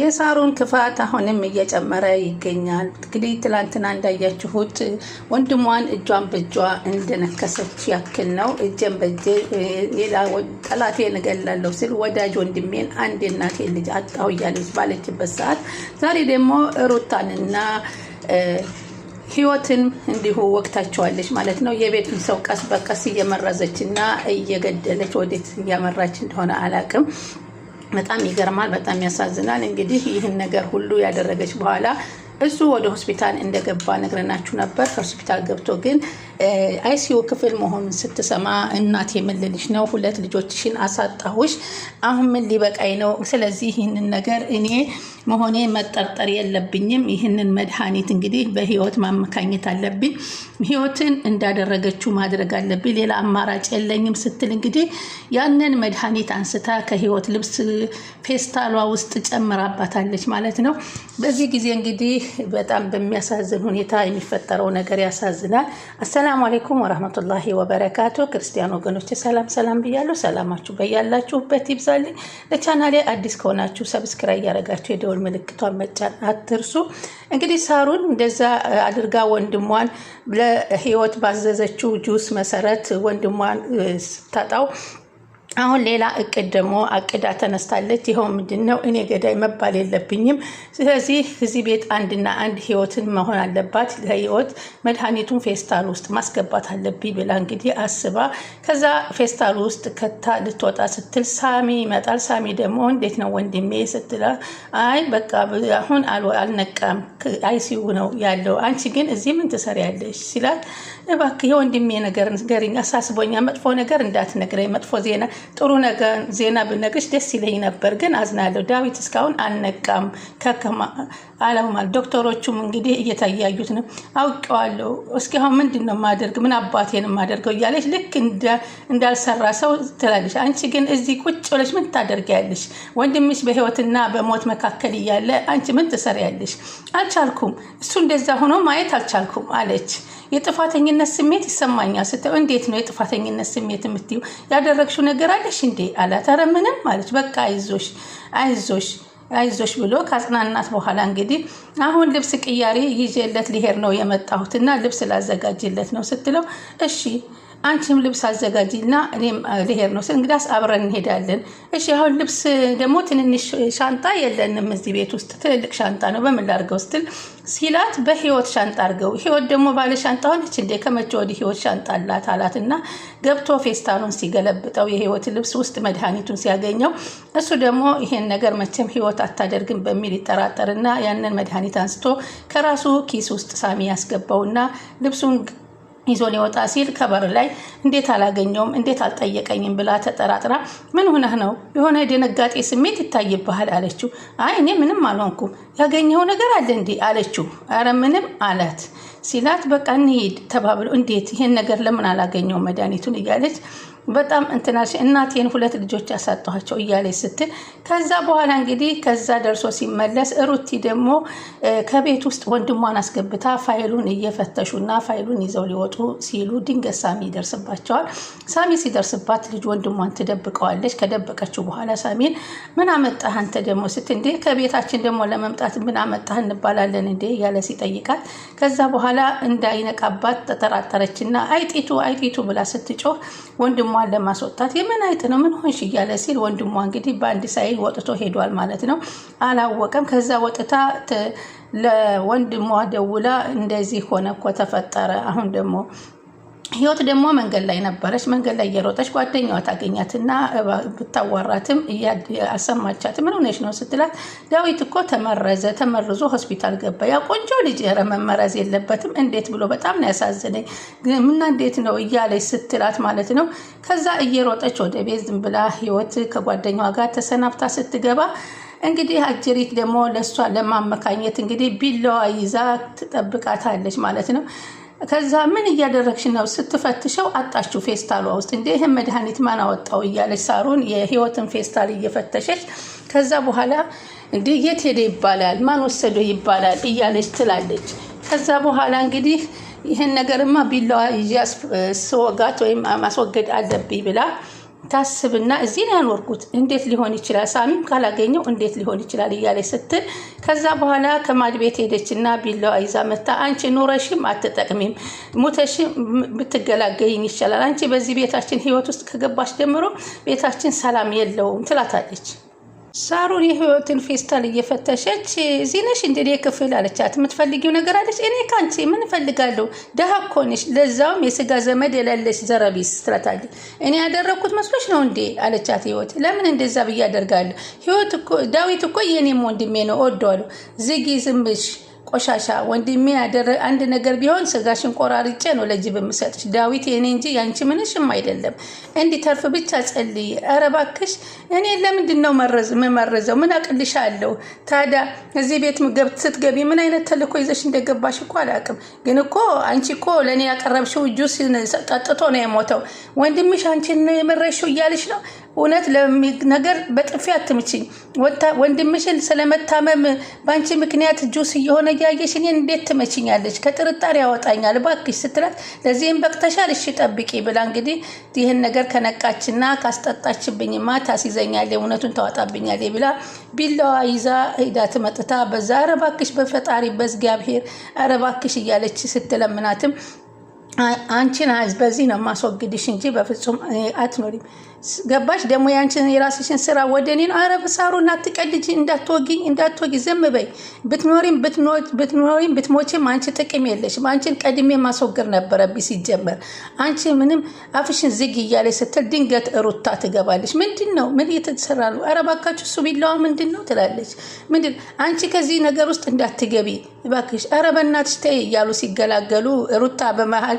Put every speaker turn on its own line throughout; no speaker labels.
የሳሩን ክፋት አሁንም እየጨመረ ይገኛል። እንግዲህ ትላንትና እንዳያችሁት ወንድሟን እጇን በእጇ እንደነከሰች ያክል ነው። እጄን በእጄ ጠላቴ እገላለሁ ሲል ወዳጅ ወንድሜን አንድ እናቴ ልጅ አጣሁ እያለች ባለችበት ሰዓት ዛሬ ደግሞ ሩታንና ህይወትን እንዲሁ ወቅታቸዋለች ማለት ነው። የቤቱን ሰው ቀስ በቀስ እየመረዘች እና እየገደለች ወዴት እያመራች እንደሆነ አላቅም። በጣም ይገርማል። በጣም ያሳዝናል። እንግዲህ ይህን ነገር ሁሉ ያደረገች በኋላ እሱ ወደ ሆስፒታል እንደገባ ነግረናችሁ ነበር። ከሆስፒታል ገብቶ ግን አይሲዩ ክፍል መሆኑን ስትሰማ እናቴ የምልልሽ ነው? ሁለት ልጆችሽን አሳጣሁሽ። አሁን ምን ሊበቃኝ ነው? ስለዚህ ይህንን ነገር እኔ መሆኔ መጠርጠር የለብኝም። ይህንን መድኃኒት እንግዲህ በህይወት ማመካኘት አለብኝ። ህይወትን እንዳደረገችው ማድረግ አለብኝ። ሌላ አማራጭ የለኝም ስትል እንግዲህ ያንን መድኃኒት አንስታ ከህይወት ልብስ ፌስታሏ ውስጥ ጨምራባታለች ማለት ነው። በዚህ ጊዜ እንግዲህ በጣም በሚያሳዝን ሁኔታ የሚፈጠረው ነገር ያሳዝናል። ሰላም አሌይኩም ወረህመቱላሂ ወበረካቱ። ክርስቲያን ወገኖች ሰላም ሰላም ብያለሁ። ሰላማችሁ በያላችሁበት ይብዛልኝ። ለቻናሌ አዲስ ከሆናችሁ ሰብስክራይ እያደረጋችሁ የደወል ምልክቷን መጫን አትርሱ። እንግዲህ ሳሩን እንደዛ አድርጋ ወንድሟን ለህይወት ባዘዘችው ጁስ መሰረት ወንድሟን ስታጣው አሁን ሌላ እቅድ ደግሞ አቅዳ ተነስታለች። ይኸው ምንድን ነው እኔ ገዳይ መባል የለብኝም። ስለዚህ እዚህ ቤት አንድና አንድ ህይወትን መሆን አለባት። ለህይወት መድኃኒቱን ፌስታል ውስጥ ማስገባት አለብኝ ብላ እንግዲህ አስባ ከዛ ፌስታል ውስጥ ከታ ልትወጣ ስትል ሳሚ ይመጣል። ሳሚ ደግሞ እንዴት ነው ወንድሜ ስትለ፣ አይ በቃ አሁን አልነቃም አይሲዩ ነው ያለው፣ አንቺ ግን እዚህ ምን ትሰሪያለሽ? ሲላል፣ እባክህ የወንድሜ ነገር ንገሪኝ፣ አሳስቦኛ፣ መጥፎ ነገር እንዳትነግረኝ፣ መጥፎ ዜና ጥሩ ነገር ዜና ብነግርሽ ደስ ይለኝ ነበር፣ ግን አዝናለሁ። ዳዊት እስካሁን አልነቃም አለማል። ዶክተሮቹም እንግዲህ እየተያዩት ነው። አውቀዋለሁ። እስኪ ምንድን ነው ማደርግ? ምን አባቴን ማደርገው እያለች ልክ እንዳልሰራ ሰው ትላለች። አንቺ ግን እዚህ ቁጭ ብለሽ ምን ታደርጊያለሽ? ወንድምሽ በህይወትና በሞት መካከል እያለ አንቺ ምን ትሰሪያለሽ? አልቻልኩም። እሱ እንደዛ ሆኖ ማየት አልቻልኩም አለች። የጥፋተኝነት ስሜት ይሰማኛል ስትለው እንዴት ነው የጥፋተኝነት ስሜት የምትዩ? ያደረግሽው ነገር አለሽ እንዴ አላት። ኧረ ምንም አለች። በቃ አይዞሽ አይዞሽ አይዞሽ ብሎ ከአጽናናት በኋላ እንግዲህ አሁን ልብስ ቅያሬ ይዤለት ሊሄድ ነው የመጣሁትና ልብስ ላዘጋጅለት ነው ስትለው እሺ አንቺም ልብስ አዘጋጅና እኔም ልሄድ ነው ስል እንግዳስ አብረን እንሄዳለን። እሺ አሁን ልብስ ደግሞ ትንንሽ ሻንጣ የለንም እዚህ ቤት ውስጥ ትልልቅ ሻንጣ ነው በምን ላድርገው ስትል ሲላት በህይወት ሻንጣ አድርገው ህይወት ደግሞ ባለ ሻንጣ ሆነች እንዴ ከመቼ ወዲህ ህይወት ሻንጣ አላት አላት እና ገብቶ ፌስታኑን ሲገለብጠው የህይወት ልብስ ውስጥ መድኃኒቱን ሲያገኘው እሱ ደግሞ ይሄን ነገር መቼም ህይወት አታደርግም በሚል ይጠራጠርና ያንን መድኃኒት አንስቶ ከራሱ ኪስ ውስጥ ሳሚ ያስገባውና ልብሱን ይዞ ሊወጣ ሲል ከበር ላይ እንዴት አላገኘውም እንዴት አልጠየቀኝም ብላ ተጠራጥራ ምን ሆነህ ነው የሆነ የደነጋጤ ስሜት ይታይብሃል አለችው አይ እኔ ምንም አልሆንኩም ያገኘኸው ነገር አለ እንዴ አለችው አረ ምንም አላት ሲላት በቃ እንሄድ ተባብሎ እንዴት ይሄን ነገር ለምን አላገኘውም መድኃኒቱን እያለች በጣም እንትናሽ እናቴን ሁለት ልጆች ያሳጠኋቸው እያለች ስትል ከዛ በኋላ እንግዲህ ከዛ ደርሶ ሲመለስ ሩቲ ደግሞ ከቤት ውስጥ ወንድሟን አስገብታ ፋይሉን እየፈተሹና ፋይሉን ይዘው ሊወጡ ሲሉ ድንገት ሳሚ ይደርስባቸዋል። ሳሚ ሲደርስባት ልጅ ወንድሟን ትደብቀዋለች። ከደበቀችው በኋላ ሳሚን ምን አመጣህ አንተ ደግሞ ስት እንዴ ከቤታችን ደግሞ ለመምጣት ምን አመጣህ እንባላለን እንዴ እያለ ሲጠይቃት ከዛ በኋላ እንዳይነቃባት ተጠራጠረችና አይጢቱ አይጢቱ ብላ ስትጮህ ወንድሟ ወንድሟን ለማስወጣት የመናይት ነው ምን ሆንሽ እያለ ሲል ወንድሟ እንግዲህ በአንድ ሳይል ወጥቶ ሄዷል ማለት ነው። አላወቀም። ከዛ ወጥታ ለወንድሟ ደውላ እንደዚህ ሆነ እኮ ተፈጠረ፣ አሁን ደግሞ ህይወት ደግሞ መንገድ ላይ ነበረች። መንገድ ላይ እየሮጠች ጓደኛዋ ታገኛትና ብታዋራትም አሰማቻት። ምን ሆነች ነው ስትላት፣ ዳዊት እኮ ተመረዘ፣ ተመርዞ ሆስፒታል ገባ። ያ ቆንጆ ልጅ ኧረ መመረዝ የለበትም እንዴት ብሎ በጣም ነው ያሳዝነኝ፣ ምና እንዴት ነው እያለች ስትላት ማለት ነው። ከዛ እየሮጠች ወደ ቤት ዝም ብላ ህይወት ከጓደኛዋ ጋር ተሰናብታ ስትገባ እንግዲህ አጅሪት ደግሞ ለእሷ ለማመካኘት እንግዲህ ቢላዋ ይዛ ትጠብቃታለች ማለት ነው። ከዛ ምን እያደረግሽ ነው ስትፈትሸው አጣችው ፌስታሏ ውስጥ እንደ ይህን መድኃኒት ማን አወጣው እያለች ሳሩን የህይወትን ፌስታል እየፈተሸች ከዛ በኋላ እንደ የት ሄደ ይባላል ማን ወሰዶ ይባላል እያለች ትላለች ከዛ በኋላ እንግዲህ ይህን ነገርማ ቢላዋ ይዤ ስወጋት ወይም ማስወገድ አለብኝ ብላ ታስብና እዚህ ነው ያኖርኩት፣ እንዴት ሊሆን ይችላል ሳሚም ካላገኘው እንዴት ሊሆን ይችላል እያለች ስትል ከዛ በኋላ ከማድ ቤት ሄደችና ቢላዋ ይዛ መታ አንቺ ኑረሽም አትጠቅሚም፣ ሙተሽም ብትገላገይኝ ይቻላል። አንቺ በዚህ ቤታችን ህይወት ውስጥ ከገባሽ ጀምሮ ቤታችን ሰላም የለውም ትላታለች። ሳሮን የህይወትን ፌስታል እየፈተሸች ዚነሽ እንደ እንደ ክፍል አለቻት። የምትፈልጊው ነገር አለች። እኔ ካንቺ ምን እፈልጋለሁ? ደሃ እኮ ነሽ፣ ለዛውም የስጋ ዘመድ የሌለሽ ዘረቢስ ትላታለች። እኔ ያደረግኩት መስሎች ነው እንዴ አለቻት። ህይወት ለምን እንደዛ ብዬ አደርጋለሁ? ህይወት ዳዊት እኮ የእኔም ወንድሜ ነው፣ እወደዋለሁ። ዝጊ ዝምብሽ ቆሻሻ ወንድሜ አንድ ነገር ቢሆን ስጋሽን ቆራርጬ ነው ለጅብ የምሰጥሽ። ዳዊት የኔ እንጂ ያንቺ ምንሽም አይደለም። እንዲተርፍ ብቻ ጸልይ። ኧረ እባክሽ እኔ ለምንድን ነው መመረዘው? ምን አለው ታዲያ? እዚህ ቤት ስትገቢ ምን አይነት ተልእኮ ይዘሽ እንደገባሽ እኮ አላውቅም። ግን እኮ አንቺ እኮ ለእኔ ያቀረብሽው ጁስ ጠጥቶ ነው የሞተው። ወንድምሽ አንቺን ነው የመረሽው እያልሽ ነው እውነት ነገር በጥፊ አትምችኝ። ወንድምሽን ስለመታመም በአንቺ ምክንያት ጁስ እየሆነ እያየሽ እኔን እንዴት ትመችኛለች? ከጥርጣሬ ያወጣኛል እባክሽ ስትላት ለዚህም በቅተሻል፣ እሺ ጠብቂ ብላ እንግዲህ ይህን ነገር ከነቃችና ካስጠጣችብኝማ ታስይዘኛል፣ እውነቱን ታወጣብኛል ብላ ቢላዋ ይዛ ሂዳ ትመጥታ በዛ ኧረ እባክሽ በፈጣሪ በእግዚአብሔር ኧረ እባክሽ እያለች ስትለምናትም አንቺን በዚህ ነው ማስወግድሽ እንጂ በፍጹም አትኖሪም ገባሽ ደግሞ ያንቺን የራስሽን ስራ ወደ እኔን አረብ ሳሩን እናትቀልጅ እንዳትወጊኝ እንዳትወጊ ዝም በይ። ብትኖሪም ብትኖሪም ብትሞችም አንቺ ጥቅም የለሽም። አንቺን ቀድሜ ማስወገድ ነበረብኝ ሲጀመር። አንቺ ምንም አፍሽን ዝግ እያለ ስትል ድንገት ሩታ ትገባለች። ምንድን ነው ምን እየተሰራ ነው? ኧረ እባካችሁ እሱ ቢላዋ ምንድን ነው ትላለች። ምንድን አንቺ ከዚህ ነገር ውስጥ እንዳትገቢ እባክሽ፣ ኧረ በእናትሽ ተይ እያሉ ሲገላገሉ ሩታ በመሀል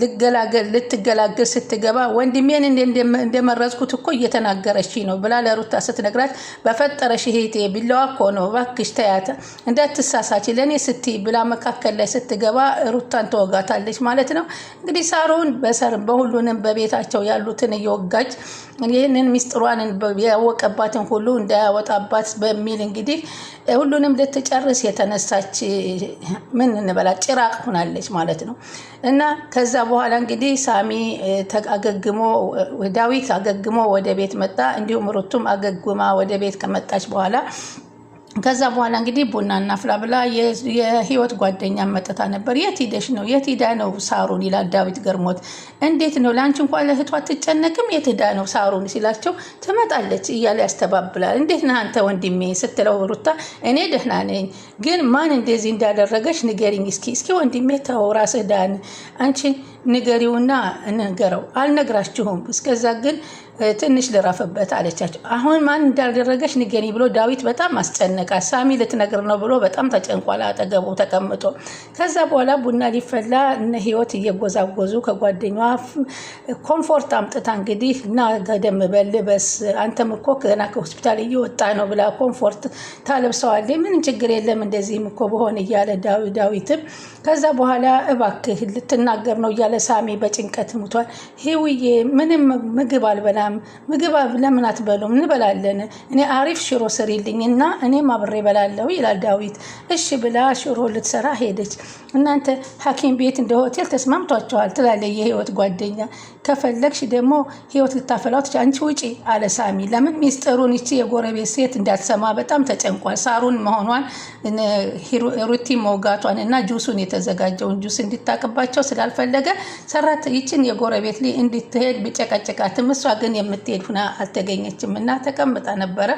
ልገላገል ልትገላገል ስትገባ ወንድሜን እንደ እንደመረጥኩት እኮ እየተናገረች ነው ብላ ለሩታ ስትነግራት በፈጠረሽ እህቴ ቢላዋ እኮ ነው እባክሽ ተያተ እንዳትሳሳች ለእኔ ስቲ ብላ መካከል ላይ ስትገባ ሩታን ተወጋታለች ማለት ነው። እንግዲህ ሳሮን በሰር በሁሉንም በቤታቸው ያሉትን እየወጋች ይህንን ሚስጥሯን ያወቀባትን ሁሉ እንዳያወጣባት በሚል እንግዲህ ሁሉንም ልትጨርስ የተነሳች ምን እንበላ ጭራቅ ሆናለች ማለት ነው። እና ከዛ በኋላ እንግዲህ ሳሚ አገግሞ ዳዊት አገግሞ ወደ ቤት መጣ። እንዲሁም ሩቱም አገግማ ወደ ቤት ከመጣች በኋላ ከዛ በኋላ እንግዲህ ቡና እናፍላ ብላ የህይወት ጓደኛ መጠታ ነበር። የት ሂደሽ ነው የት ሂዳ ነው ሳሩን ይላል ዳዊት ገርሞት። እንዴት ነው ለአንቺ እንኳ ለእህቷ አትጨነቅም? የት ሂዳ ነው ሳሩን ሲላቸው ትመጣለች እያለ ያስተባብላል። እንዴት ነህ አንተ ወንድሜ ስትለው ሩታ እኔ ደህና ነኝ፣ ግን ማን እንደዚህ እንዳደረገች ንገሪኝ እስኪ። እስኪ ወንድሜ ተው ራስህ ዳን አንቺ ንገሪውና ንገረው አልነግራችሁም፣ እስከዛ ግን ትንሽ ልረፍበት አለቻቸው። አሁን ማን እንዳደረገች ንገሪ ብሎ ዳዊት በጣም አስጨነቃ። ሳሚ ልትነግር ነው ብሎ በጣም ተጨንቋል፣ አጠገቡ ተቀምጦ። ከዛ በኋላ ቡና ሊፈላ እነ ህይወት እየጎዛጎዙ ከጓደኛዋ ኮምፎርት አምጥታ እንግዲህ እና ገደም በል በስ አንተም እኮ ገና ከሆስፒታል እየወጣ ነው ብላ ኮንፎርት ታለብሰዋል። ምንም ችግር የለም እንደዚህም እኮ በሆን እያለ ዳዊትም ከዛ በኋላ እባክህ ልትናገር ነው እያለ ሳሚ በጭንቀት ሙቷል። ሄውዬ ምንም ምግብ አልበላም። ምግብ ለምን አትበሉም? እንበላለን። እኔ አሪፍ ሽሮ ስሪልኝ እና እኔም አብሬ በላለው ይላል ዳዊት። እሺ ብላ ሽሮ ልትሰራ ሄደች። እናንተ ሐኪም ቤት እንደ ሆቴል ተስማምቷቸዋል ትላለ የህይወት ጓደኛ። ከፈለግሽ ደግሞ ህይወት ልታፈላው ትችያለሽ፣ አንቺ ውጪ አለ ሳሚ። ለምን ሚስጥሩን ይቺ የጎረቤት ሴት እንዳትሰማ በጣም ተጨንቋል። ሳሩን መሆኗን ሩቲ መውጋቷን እና ጁሱን የተዘጋጀውን ጁስ እንዲታቅባቸው ስላልፈለገ ሰራት ይችን የጎረቤት ልጅ እንድትሄድ ብጨቀጨቃትም እሷ ግን የምትሄድ ሁና አልተገኘችም እና ተቀምጣ ነበረ።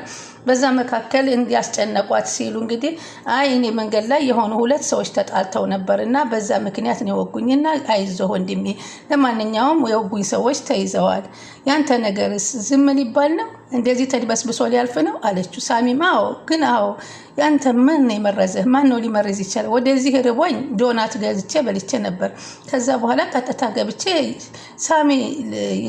በዛ መካከል እንዲያስጨነቋት ሲሉ እንግዲህ አይ እኔ መንገድ ላይ የሆኑ ሁለት ሰዎች ተጣልተው ነበር እና በዛ ምክንያት ነው የወጉኝና አይዞህ ወንድሜ፣ ለማንኛውም የወጉኝ ሰዎች ተይዘዋል ያንተ ነገርስ ዝም ሊባል ነው? እንደዚህ ተድበስብሶ ሊያልፍ ነው አለችው። ሳሚም አዎ፣ ግን አዎ፣ ያንተ ምን የመረዘህ? ማን ነው ሊመረዝ ይቻላል? ወደዚህ ርቦኝ ዶናት ገዝቼ በልቼ ነበር። ከዛ በኋላ ቀጥታ ገብቼ ሳሚ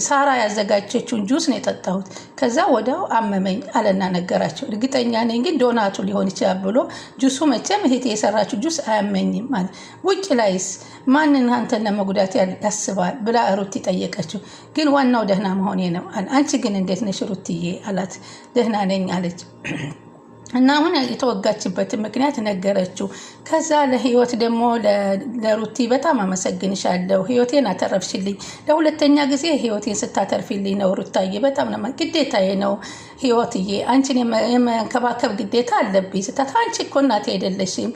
ሳራ ያዘጋጀችውን ጁስ ነው የጠጣሁት። ከዛ ወዲያው አመመኝ አለና ነገራቸው። እርግጠኛ ነኝ ግን ዶናቱ ሊሆን ይችላል ብሎ ጁሱ መቼም እህቴ የሰራችው ጁስ አያመኝም አለ። ውጭ ላይስ ማንን አንተን ለመጉዳት ያስባል ብላ ሩት ጠየቀችው። ግን ዋናው ደህና መሆኔ ነው። አንቺ ግን እንዴት ነሽ ሩትዬ አላት። ደህና ነኝ አለች። እና አሁን የተወጋችበትን ምክንያት ነገረችው። ከዛ ለህይወት ደግሞ ለሩቲ በጣም አመሰግንሻለሁ፣ ህይወቴን አተረፍሽልኝ። ለሁለተኛ ጊዜ ህይወቴን ስታተርፊልኝ ነው ሩታዬ፣ በጣም ነው ግዴታዬ ነው ህይወትዬ፣ አንቺን የመንከባከብ ግዴታ አለብኝ ስታት፣ አንቺ እኮ እናቴ አይደለሽም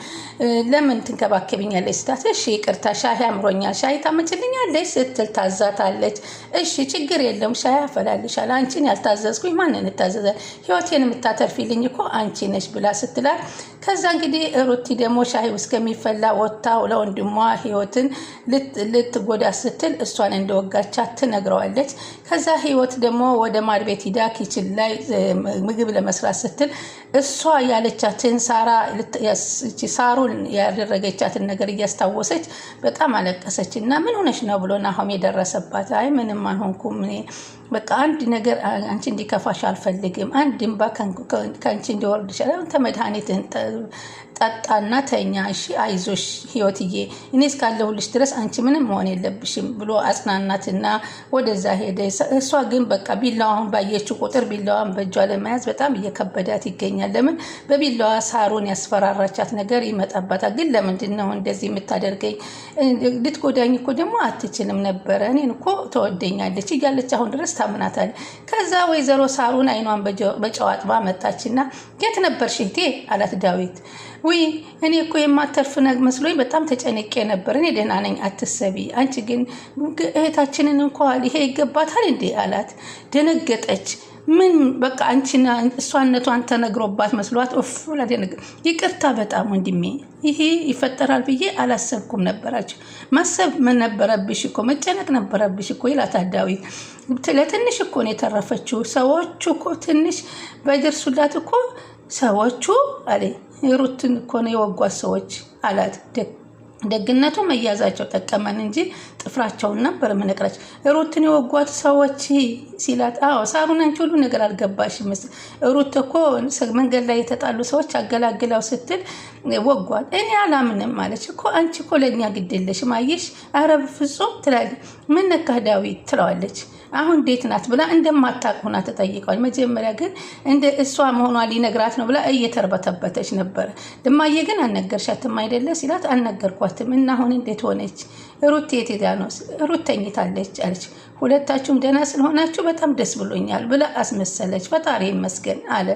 ለምን ትንከባከብኛለች ስታት፣ እሺ ይቅርታ፣ ሻይ አምሮኛል፣ ሻይ ታመጭልኛለች ስትል ታዛታለች። እሺ ችግር የለውም ሻይ አፈላልሻል። አንቺን ያልታዘዝኩኝ ማንን እታዘዛል? ህይወቴን የምታተርፊልኝ እኮ አንቺ ነች ብላ ስትላት፣ ከዛ እንግዲህ ሩቲ ደግሞ ሻይ እስከሚፈላ ወጥታ ለወንድሟ ህይወትን ልትጎዳ ስትል እሷን እንደወጋቻት ትነግረዋለች። ከዛ ህይወት ደግሞ ወደ ማድቤት ሂዳ ኪችን ላይ ምግብ ለመስራት ስትል እሷ ያለቻትን ሳሩን ያደረገቻትን ነገር እያስታወሰች በጣም አለቀሰች እና ምን ሆነች ነው ብሎ ናሆም የደረሰባት አይ ምንም አልሆንኩም በቃ አንድ ነገር አንቺ እንዲከፋሽ አልፈልግም። አንድ እንባ ከአንቺ እንዲወርድ ይችላል። አንተ መድኃኒትህን ጠጣና ተኛ። እሺ አይዞሽ ህይወትዬ፣ እኔ እስካለሁልሽ ድረስ አንቺ ምንም መሆን የለብሽም ብሎ አጽናናትና ወደዛ ሄደ። እሷ ግን በቃ ቢላዋን ባየችው ቁጥር ቢላዋን በእጇ ለመያዝ በጣም እየከበዳት ይገኛል። ለምን በቢላዋ ሳሮን ያስፈራራቻት ነገር ይመጣባታል። ግን ለምንድን ነው እንደዚህ የምታደርገኝ? ልትጎዳኝ እኮ ደግሞ አትችልም ነበረ። እኔን እኮ ተወደኛለች እያለች አሁን ድረስ ታምናታለች። ከዛ ወይዘሮ ሳሩን አይኗን በጨዋጥባ መታችና የት ነበርሽ እህቴ አላት ዳዊት። ውይ እኔ እኮ የማተርፍ መስሎኝ በጣም ተጨንቄ ነበር። እኔ ደህና ነኝ፣ አትሰቢ። አንቺ ግን እህታችንን እንኳ ይሄ ይገባታል እንዴ አላት። ደነገጠች። ምን በቃ አንቺና እሷነቷን ተነግሮባት መስሏት ኦፍላ ይቅርታ፣ በጣም ወንድሜ፣ ይሄ ይፈጠራል ብዬ አላሰብኩም ነበራቸው። ማሰብ ነበረብሽ እኮ መጨነቅ ነበረብሽ እኮ ይላታል ዳዊት። ለትንሽ እኮ ነው የተረፈችው። ሰዎቹ እኮ ትንሽ ባይደርሱላት እኮ ሰዎቹ አለ ሩትን እኮ ነው የወጓት ሰዎች አላት። ደግነቱ መያዛቸው ጠቀመን እንጂ ጥፍራቸውን ነበር ምንቅረች ሩትን የወጓት ሰዎች ሲላት፣ አዎ ሳሩን አንቺ ሁሉ ነገር አልገባሽ ይመስል ሩት እኮ መንገድ ላይ የተጣሉ ሰዎች አገላግላው ስትል ወጓት። እኔ አላምንም ማለች እኮ አንቺ እኮ ለእኛ ግድ የለሽም አየሽ፣ አረ ፍጹም ትላለች። ምን ነካህ ዳዊት ትለዋለች። አሁን እንዴት ናት ብላ እንደማታቅ ሆና ተጠይቀዋል። መጀመሪያ ግን እንደ እሷ መሆኗ ሊነግራት ነው ብላ እየተርበተበተች ነበረ። ድማዬ ግን አልነገርሻትም አይደለ ሲላት አልነገርኳትም እና አሁን እንዴት ሆነች? ሩት የት ሄዳ ነው? ሩት ተኝታለች አለች። ሁለታችሁም ደህና ስለሆናችሁ በጣም ደስ ብሎኛል ብላ አስመሰለች። ፈጣሪ ይመስገን አለ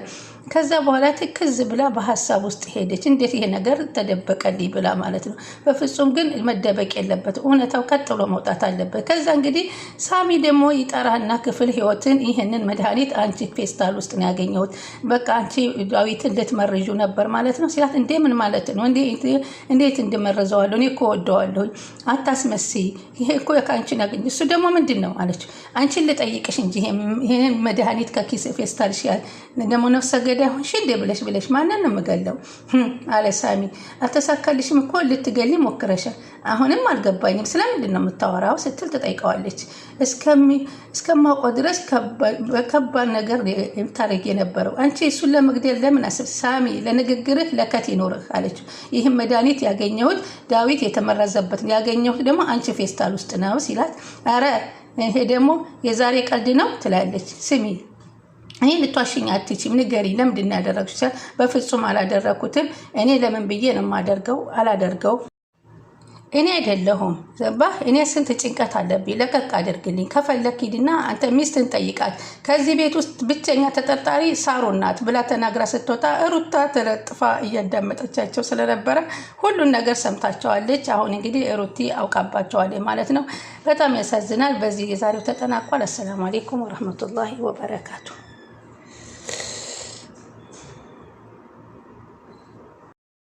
ከዛ በኋላ ትክዝ ብላ በሀሳብ ውስጥ ሄደች። እንዴት ይሄ ነገር ተደበቀልኝ ብላ ማለት ነው። በፍጹም ግን መደበቅ የለበት እውነታው ቀጥ ብሎ መውጣት አለበት። ከዛ እንግዲህ ሳሚ ደግሞ ይጠራና ክፍል ህይወትን ይህንን መድኃኒት አንቺ ፌስታል ውስጥ ነው ያገኘሁት፣ በቃ አንቺ ዳዊትን ልትመርዡ ነበር ማለት ነው ሲላት፣ እንዴ ምን ማለት ነው? እንዴት እንድመረዘዋለሁ? እኔ እኮ ወደዋለሁኝ። አታስመስይ፣ ይሄ እኮ ከአንቺን ያገኘ እሱ ደግሞ ምንድን ነው አለች። አንቺን ልጠይቅሽ እንጂ ይህን መድኃኒት ከኪስ ፌስታል ደግሞ ነፍሰገ አገዳ ሆንሽ እንዴ ብለሽ ብለሽ ማንን ነው የምገለው አለ ሳሚ። አልተሳካልሽም እኮ ልትገሊ ሞክረሻል። አሁንም አልገባኝም ስለምንድን ነው የምታወራው ስትል ትጠይቀዋለች። እስከማውቀው ድረስ በከባድ ነገር የምታደርግ የነበረው አንቺ እሱን ለመግደል ለምን አስብ ሳሚ፣ ለንግግርህ ለከት ይኖርህ አለችው። ይህም መድኃኒት ያገኘሁት ዳዊት የተመረዘበት ያገኘሁት ደግሞ አንቺ ፌስታል ውስጥ ነው ሲላት፣ ኧረ ይሄ ደግሞ የዛሬ ቀልድ ነው ትላለች። ስሚ እኔ ልትዋሽኝ አትችም። ንገሪ ለምንድን ነው ያደረግሽ? በፍጹም አላደረግኩትም። እኔ ለምን ብዬ ነው የማደርገው? አላደርገው እኔ አይደለሁም። ዘባ እኔ ስንት ጭንቀት አለብኝ። ለቀቅ አድርግልኝ። ከፈለክ ሂድና አንተ ሚስትን ጠይቃት። ከዚህ ቤት ውስጥ ብቸኛ ተጠርጣሪ ሳሩናት ናት ብላ ተናግራ ስትወጣ ሩታ ተለጥፋ እያዳመጠቻቸው ስለነበረ ሁሉን ነገር ሰምታቸዋለች። አሁን እንግዲህ ሩቲ አውቃባቸዋለች ማለት ነው። በጣም ያሳዝናል። በዚህ የዛሬው ተጠናቋል። አሰላሙ አሌይኩም ወረህመቱላሂ ወበረካቱ